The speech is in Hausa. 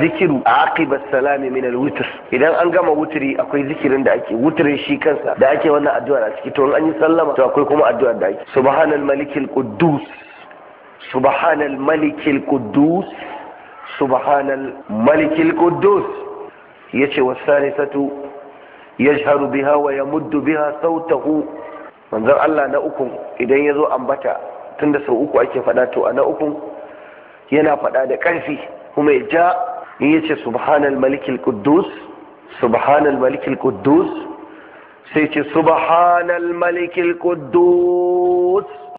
zikiru a aqibat salami min alwitr idan an gama wuturi, akwai zikirin da ake wutrin shi kansa da ake wannan addu'a a ciki to an yi sallama to akwai kuma addu'a da ake subhanal malikil quddus subhanal malikil quddus subhanal malikil quddus yace wasalisatu yajharu biha wa yamuddu biha sautahu manzon Allah na uku idan yazo ambata tunda sau uku ake fada to a na uku yana fada da karfi kuma ya ja in yace subhanal malikil quddus subhanal malikil quddus sai ce subhanal malikil quddus